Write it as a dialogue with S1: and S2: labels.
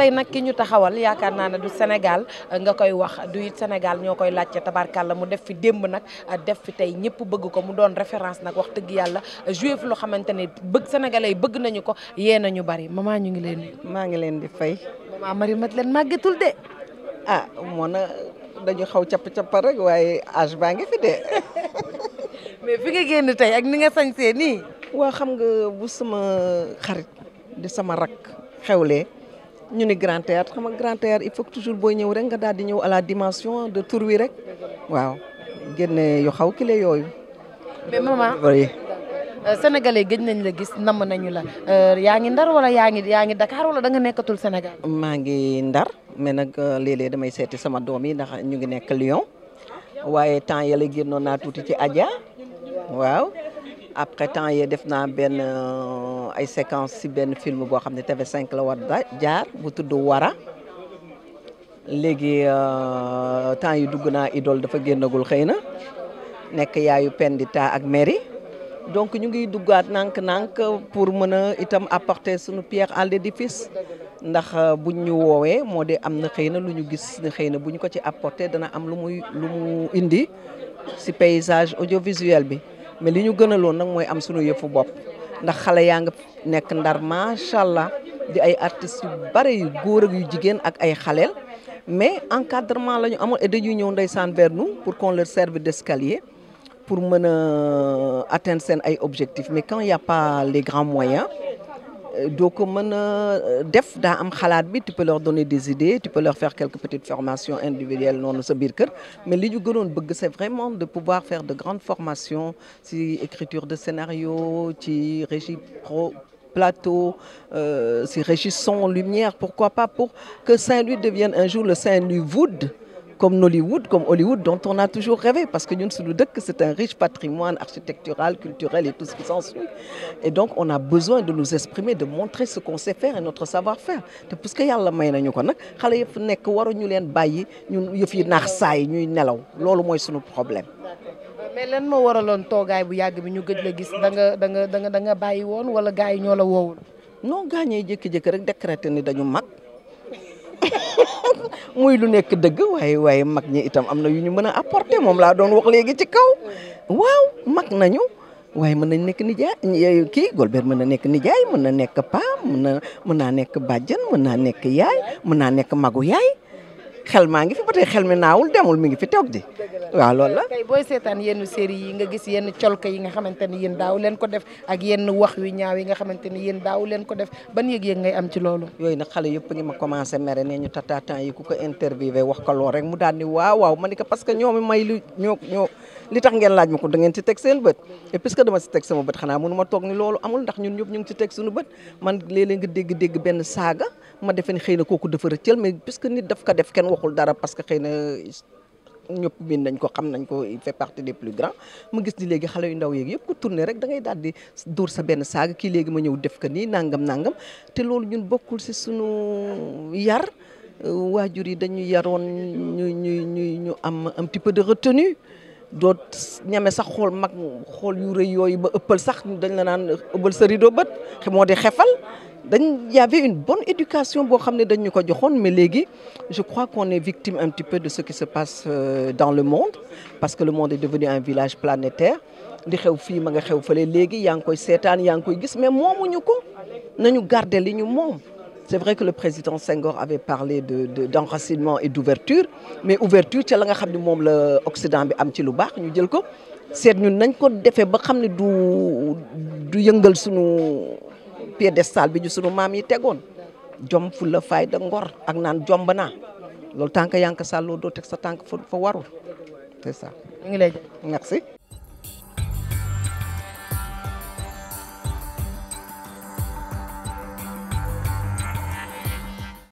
S1: tey nag ki ñu taxawal yaakaar naa ne du Sénégal euh, nga koy wax du it Sénégal ñoo koy laajte tabarkàlla mu def fi démb nag euh, def fi tey ñëpp bëgg ko mu doon référence nag wax dëgg yàlla euh, joué fi loo xamante ne bëgg sénégalais yi bëgg nañu ko yee nañu bari maman ñu ngi leen maa ngi leen di fay. maman Marie mat leen màggetul de.
S2: ah moom dañu xaw capp cappa rek waaye âge baa ngi fi de. mais fi nga génn tey ak ni nga sañsee nii. waa xam nga bu sama xarit di sama rakk xewlee. ñu ni grand théâtre xam nga il faut toujours booy ñëw rek nga daal di ñëw à la dimension de tour wi rek waaw génne yu xaw kile yooyu. mais maman
S1: euh, sénégalais gëj nañ la gis namm nañu la euh, yaa ngi ndar wala yaa ngi yaa ngi Dakar wala da nga nekkatul Sénégal.
S2: maa ngi ndar mais nag euh, léeg damay seeti sama doom yi ndax ñu ngi nekk Lyon waaye temps yële génnoon naa tuuti ci Adja waaw. après temps yee def naa benn euh, ay séquence si benn film boo xam ne tv cinq la war jaar bu tudd Wara léegi euh, temps yi dugg naa idole dafa génnagul xëy na nekk yaayu Pendita ak Mary donc ñu ngi duggaat nànk-nànk pour mën a itam apporter suñu pierre à l'édifice ndax euh, buñ ñu woowee moo de am na xëy na lu ñu gis ne xëy na bu ñu ko ci apporter dana am lu muy lu mu indi si paysage audiovisuel bi mais li ñu gënaloon nag mooy am sunu yëfu bopp ndax xale yaa nga nekk ndar macha allah di ay artist yu bare yu góor ak yu jigéen ak ay xaleel mais encadrement la ñu amoon et dañuy ñëw ndeysaan vers nous pour qu'on leur serve d'escalier pour mën a atteindre seen ay objectifs mais quand il y a pas les grands moyens Euh, doo ko mën euh, def daa am xalaat bi tu peux leur donner des idées tu peux leur faire quelques petites formations individuelles noonu sa biir kër mais li ñu gënoon bëgg c'est vraiment de pouvoir faire de grandes formations ci écriture de scénario ci plateau euh, ci régie son lumière pourquoi pas pour que Saint-Louis devienne un jour le Saint-Louis Wood comme Nollywood, comme Hollywood, dont on a toujours rêvé, parce que Yunsuludek, c'est un riche patrimoine architectural, culturel et tout ce qui s'ensuit. Et donc, on a besoin de nous exprimer, de montrer ce qu'on sait faire et notre savoir-faire. Parce que Yalla may nañu ko nak xalé yëf nekk waru ñu leen bayyi ñu yëf yi nax saay ñuy nelaw loolu mooy suñu problème
S1: mais lan moo waraloon toogaay bu yàgg bi ñu gëj la gis da nga da nga da da nga bàyyi woon wala gars yi ñoo la woowul
S2: non gaañee jékki-jékki rek décrété ni dañu mag muy lu nekk dëgg waaye waaye mag ñi itam am na yu ñu mën a apporter moom laa doon wax léegi ci kaw waaw mag nañu waaye mën nañ nekk nijaay kii Golbert mën na nekk nijaay mën na nekk paa mën na mën naa nekk bàjjan mën naa nekk yaay mën naa nekk magu yaay xel maa ngi fi ba tey xel mi naawul demul mi ngi fi toog di waaw loolu la.
S1: booy seetaan yenn série yi nga gis yenn colka yi nga xamante ni yéen daaw ko def ak yenn wax yu ñaaw nga xamante ni yéen daaw ko def
S2: ban yëg-yëg ngay am ci loolu. yooyu nag xale yëpp ngi ma commencé mere ne ñu tata temps yi ku ko interviewé wax ko lool mu daal ni waaw ma ni ko parce que ñoom may lu ñoo li tax ngeen laaj ma ko da ngeen ci teg seen bët et puisque dama ci teg sama bët xanaa mënu ma toog ni loolu amul ndax ñun ñëpp ñu ngi ci teg suñu bët man léeg ga nga dégg-dégg benn saaga ma defe ne xëy na kooku dafa rëccal mais puisque ni daf ko def kenn waxul dara parce que xëy na ñëpp bind nañ ko xam nañ ko il fait partie des plus grands ma gis ni léegi xale yu ndaw yeeg yëpp ku tourné rek da ngay daal di sa benn saaga kii léegi ma ñëw def ko nii nangam nangam te loolu ñun bokkul ci sunu yar waajur yi dañu yaroon ñu ñu ñu am un petit peu de doo ñame sax xool mag xool yu rëy yooyu ba ëppal sax dañ la naan ëppal sa rideau bët moo di xefal dañ y avait une bonne éducation boo xam ne dañ ñu ko joxoon mais léegi je crois qu'on est victime un petit peu de ce qui se passe euh, dans le monde parce que le monde est devenu un village planétaire di xew fii ma nga xew fële léegi yaa ngi koy seetaan yaa ngi koy gis moom mais ñu ko na ñu garder li ñu moom c'est vrai que le président Senghor avait parlé de de d'enracinement et d'ouverture mais ouverture ca la nga xam ne moom la Occident bi am ci lu baax ñu jël ko seet ñun nañ ko defee ba xam ne du du yëngal sunu piédestal bi ñu sunu maam yi tegoon jom fu la de ngor ak naan jomb naa loolu tànk yank sàlloo doo teg sa tànk fa fa warul c'est ngi lay